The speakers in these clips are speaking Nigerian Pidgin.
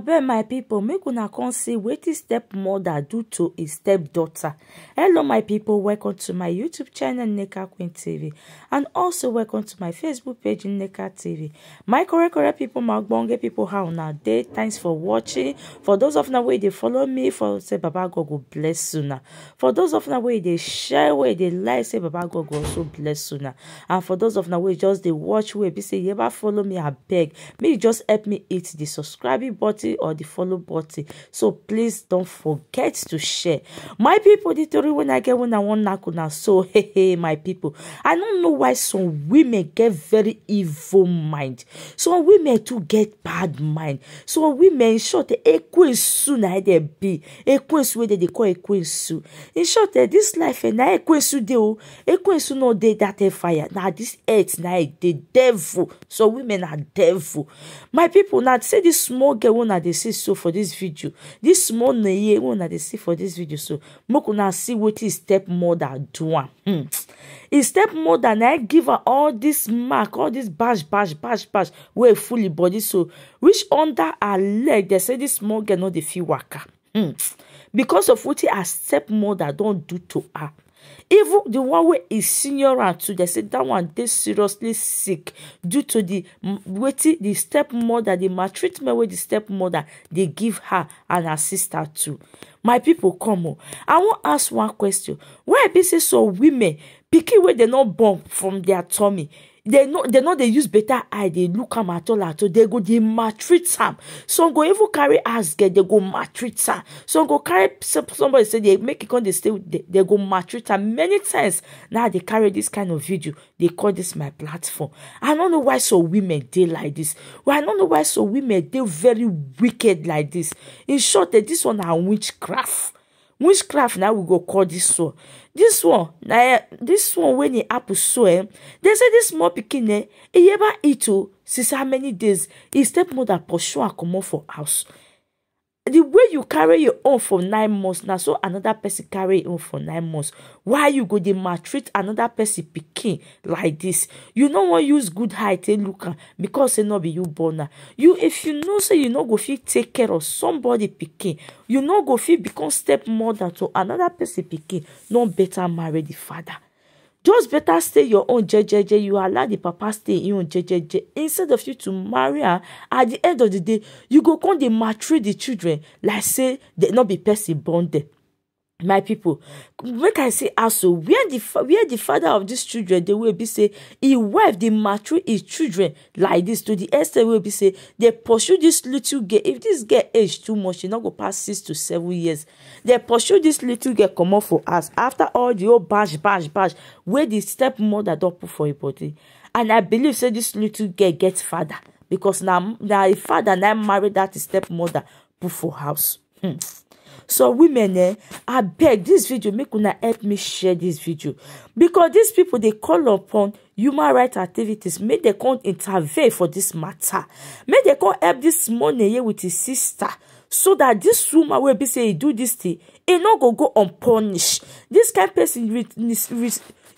beg my people, make una come see step stepmother do to step stepdaughter hello my people, welcome to my youtube channel nneka queen tv and also welcome to my facebook page nneka tv my correct correct people, my ogbonge people, how now day? thanks for watching for those of now where they follow me for say baba god will bless sooner. for those of now where they share where they like say baba god will also bless sooner. and for those of now where just they watch where, be say you ever follow me beg. May you just help me hit the subscribe button button or the follow button so please don't forget to share my people the story when i get when i want nakuna. so hey hey my people i don't know why some women get very evil mind some women too get bad mind some women short, a queen soon I dey be ekwensu wey dem they call a queen soon. in short eh, this life and eh, I na ekwensu oh. a queen soon no day that a eh, fire Now this earth na the devil So women are devil my people now say this small girl una dey see so for dis video dis small neye wey una dey see for dis video so make una see wetin stepmother do am hmm. his stepmother na give her all dis mark all dis bash bash bash bash wey full im body so Which under her leg dey say dis small girl no dey fit waka hmm. because of wetin her stepmother don do to her Even the one way is senior am too dem say that one dey seriously sick due to the waiting the stepmother the maltreatment wey the stepmother They give her and her sister too. My people come o, I wan ask one question. Why e be say some women pikin where dem not born from their tummy they no they no They use better eye They look am at all at all they go they maltreat am some go even carry ass get they go maltreat am some go carry somebody say they make e come They stay with they, they go maltreat am many times now they carry this kind of video they call this my platform i don't know why so women dey like this well i don't know why so women dey very wicked like this in short eh this one are witchcraft witchcraft now we go call this one This one na eh, This one when he happen so eh they say this small pikin eh e ever eat o oh, since how many days e stepmother pursue am comot for house the way you carry your own for nine months now so another person carry im own for nine months why you go dey maltreat another person picking like this you no want use good height and look because say no be you born Now you if you know say you no go feel take care of somebody picking, you no go feel become step mother to another person picking. no better marry the father just better stay your own jejeje you allow the papa stay him own jejeje instead of you to marry her, at the end of the day you go come dey maltreat the children like say they no be person born dem my people make i say also where the where the father of these children they will be say he wife dey mature his children like this to the extent will be say they pursue this little girl if this girl age too much she not go pass six to seven years They pursue this little girl come comot for us. after all the old bash bash bash Where the stepmother don't put for im body and i believe say this little girl get father because now now im father na married that stepmother put for house. Hmm. So women, eh, I beg this video, make una help me share this video. Because these people, they call upon human rights activities, May they come intervene for this matter. May they come help this money here with his sister so that this woman wey be say e do this thing e no go go unpunished this kind person re re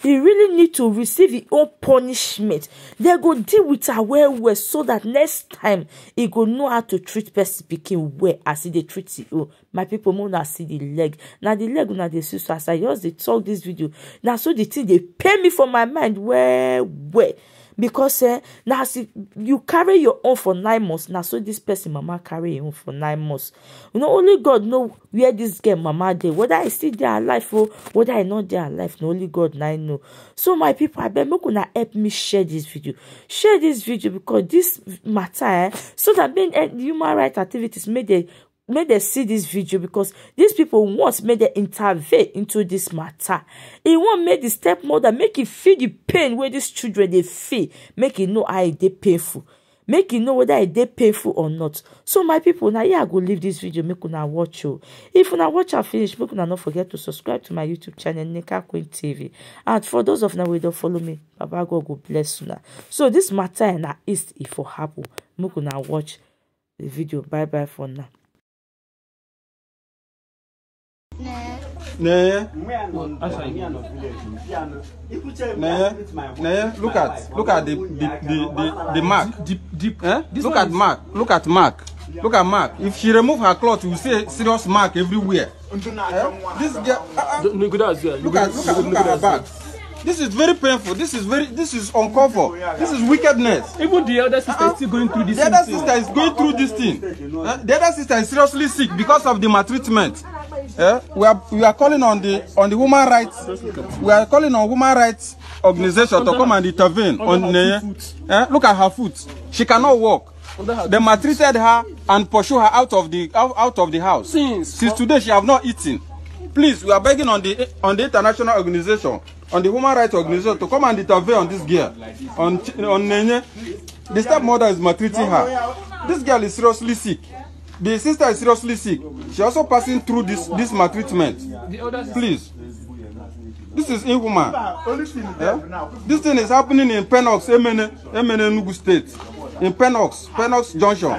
he really need to receive e own punishment They go deal with her well well so that next time he go know how to treat person pikin well as e dey treat e own my people make una see the leg na the leg una dey see so as i just dey talk this video na so the thing dey pain me for my mind well well because eh, now as you carry your own for nine months now so this person mama carry him own for nine months you know only god know where this girl mama dey whether I still dey alive or oh, whether I not dey alive na only god now him know so my people I abeg make una help me share this video share this video because this matter eh so that make eh, human rights activities make dem make dem see this video because these people want make dem intervene into this matter. e want make di stepmother make e feel the pain where these children they feel make e know how e dey painful make you know whether e dey painful or not so my people, now here i go leave this video make you now watch you. if you now watch am finish make you now not forget to subscribe to my youtube channel nika queen tv and for those of now who don't follow me baba god go bless you now. so this matter now is if for happen make you now watch the video bye bye for now Nah. Nah. Look at look at the the the, the, the mark. Deep, deep. Eh? Look at mark. Look at mark. Look at mark. If she remove her cloth, you see serious mark everywhere. Eh? This girl. Uh, uh, look at look at look at her back. This is very painful. This is very this is uncover. This is wickedness. Even the other sister uh, is uh-huh. still going through this. The other sister thing. is going through this thing. Uh, the other sister is seriously sick because of the maltreatment. Yeah? We are we are calling on the on the human rights. We are calling on human rights organization to come and intervene on Neye. Yeah? Look at her foot. She cannot walk. They maltreated her and pursue her out of the out, out of the house. Since, Since today she have not eaten. Please, we are begging on the on the international organization, on the human rights organization to come and intervene on this girl, on on Nene. The stepmother is maltreating her. This girl is seriously sick. The sister is seriously sick. She also passing through this this maltreatment. Please. This is inhuman. Yeah? This thing is happening in Penox, Emene, Emene Nugu State. In Penox, Penox Junction.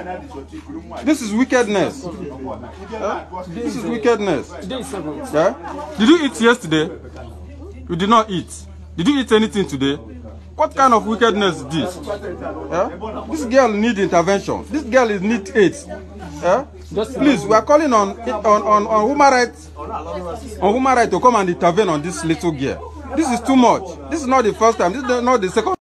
This is wickedness. Yeah? This is wickedness. Yeah? Eh? Did you eat yesterday? You did not eat. Did you eat anything today? What kind of wickedness is this? Yeah? This girl need intervention. This girl is need aid. Eh? Just Please, we are calling on on on, on human rights on human right to come and intervene on this little gear. This is too much. This is not the first time. This is not the second.